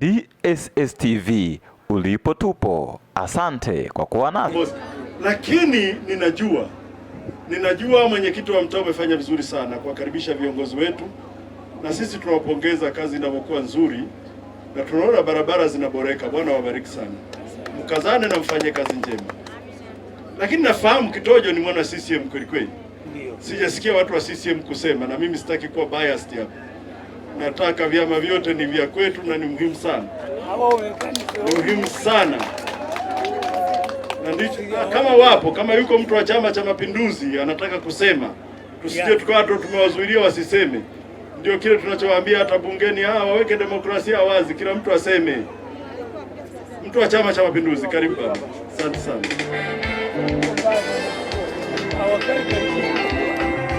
DSSTV ulipo tupo. Asante kwa kuwa nasi, lakini ninajua ninajua mwenyekiti wa mtaa umefanya vizuri sana kuwakaribisha viongozi wetu, na sisi tunawapongeza kazi inavyokuwa nzuri, na tunaona barabara zinaboreka. Bwana wabariki sana, mkazane na mfanye kazi njema. Lakini nafahamu Kitojo ni mwana CCM kweli kweli, sijasikia watu wa CCM kusema, na mimi sitaki kuwa biased hapa Nataka vyama vyote ni vya kwetu na ni muhimu sana, ni muhimu sana na ndicho, kama wapo kama yuko mtu wa Chama cha Mapinduzi anataka kusema, tusije tukawa tumewazuilia wasiseme. Ndio kile tunachowaambia hata bungeni, hawa waweke demokrasia wazi, kila mtu aseme. Mtu wa Chama cha Mapinduzi, karibu baba. Asante sana.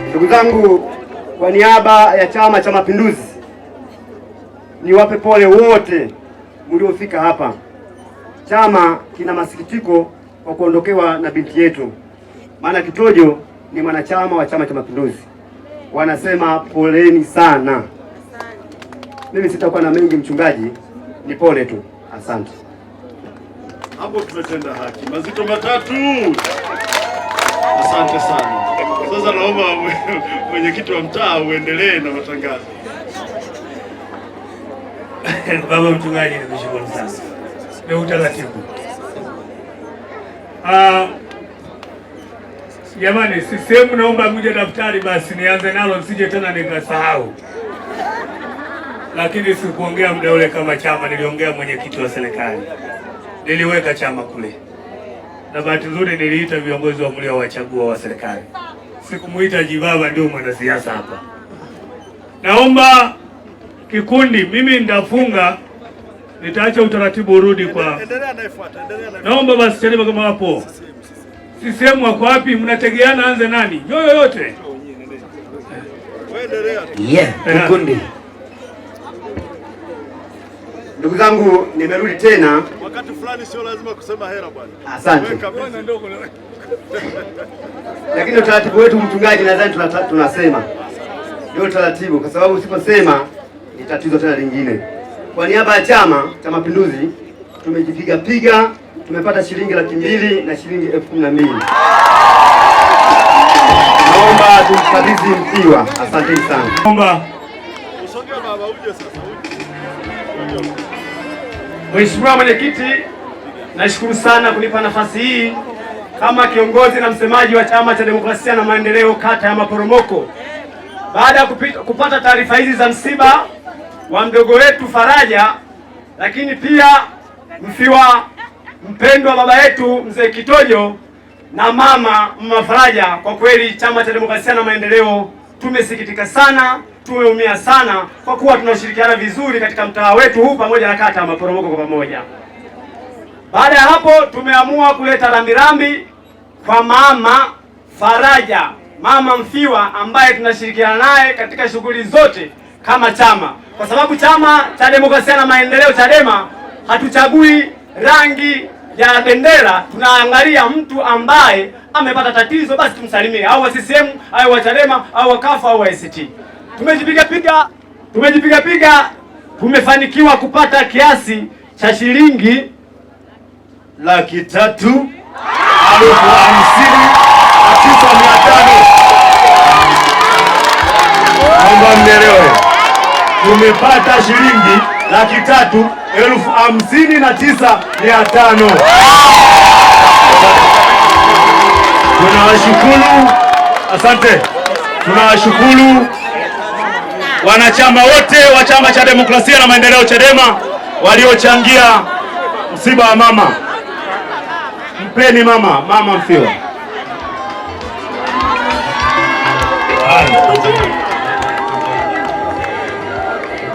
Ndugu zangu, kwa niaba ya Chama cha Mapinduzi niwape pole wote mliofika hapa. Chama kina masikitiko kwa kuondokewa na binti yetu, maana Kitojo ni mwanachama wa Chama cha Mapinduzi. Wanasema poleni sana. Mimi sitakuwa na mengi, mchungaji, ni pole tu. Asante. Hapo tumetenda haki. Mazito matatu. Asante sana. Sasa naomba mwenyekiti wa mtaa uendelee na matangazo. Baba mchungaji, nikushukuru sana na utaratibu. Ah, jamani, si sehemu, naomba kuja daftari basi nianze nalo nisije tena nikasahau. Lakini sikuongea muda ule kama chama, niliongea mwenyekiti wa serikali, niliweka chama kule, na bahati nzuri niliita viongozi wa mlio wachagua wa serikali, sikumuita jibaba, ndio mwanasiasa hapa. Naomba kikundi, mimi nitafunga, nitaacha utaratibu urudi kwa. Naomba basi Chadema kama wapo sisehemu, wako wapi? Mnategeana anze nani? Nyoyo yote yeah, kikundi. Ndugu zangu, nimerudi tena. Wakati fulani sio lazima kusema hera bwana. Asante. Lakini utaratibu wetu mchungaji, nadhani tunasema ndio utaratibu, kwa sababu usiposema ni tatizo tena lingine. Kwa niaba ya Chama cha Mapinduzi tumejipiga piga, tumepata shilingi laki mbili na shilingi elfu kumi na mbili. Naomba tumkabidhi Mtiwa. Asanteni sana. Naomba Mheshimiwa Mwenyekiti, nashukuru sana kunipa nafasi hii kama kiongozi na msemaji wa Chama cha Demokrasia na Maendeleo kata ya Maporomoko. Baada ya kupata taarifa hizi za msiba wa mdogo wetu Faraja, lakini pia mfiwa mpendwa baba yetu mzee Kitojo na mama mama Faraja. Kwa kweli chama cha demokrasia na maendeleo tumesikitika sana, tumeumia sana kwa kuwa tunashirikiana vizuri katika mtaa wetu huu pamoja na kata ya Maporomoko kwa pamoja. Baada ya hapo, tumeamua kuleta rambirambi kwa mama Faraja, mama mfiwa ambaye tunashirikiana naye katika shughuli zote kama chama kwa sababu chama cha demokrasia na maendeleo Chadema hatuchagui rangi ya bendera, tunaangalia mtu ambaye amepata tatizo, basi tumsalimie, au wa CCM au wa Chadema au wa CUF au wa ACT. Tumejipiga piga tumejipiga piga, tumefanikiwa kupata kiasi cha shilingi laki tatu elfu hamsini na tisa mia tano. Naomba mnielewe tumepata shilingi laki tatu elfu hamsini na tisa mia tano. Tunawashukuru, asante. Tunawashukuru wanachama wote wa Chama cha Demokrasia na Maendeleo, CHADEMA, waliochangia msiba wa mama. Mpeni mama mama Mfiwa.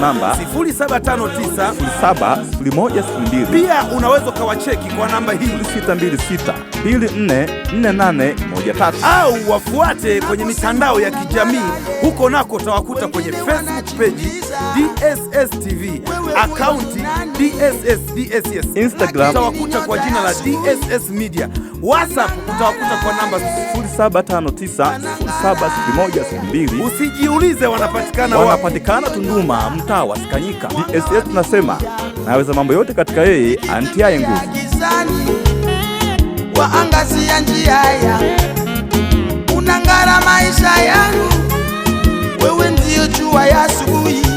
namba 0759 Pia unaweza ukawacheki kwa namba hii 626 244813 au wafuate kwenye mitandao ya kijamii. Huko nako utawakuta kwenye Facebook page DSS TV, akaunti DSS DSS, Instagram utawakuta kwa jina la DSS Media, WhatsApp utawakuta kwa namba 0759 070102. Usijiulize wanapatikana wanapatikana Tunduma mastaa wasikanyika. DSS tunasema naweza mambo yote katika yeye antiaye nguvu. Waangazia njia ya unang'ara maisha yangu, wewe ndio jua ya asubuhi.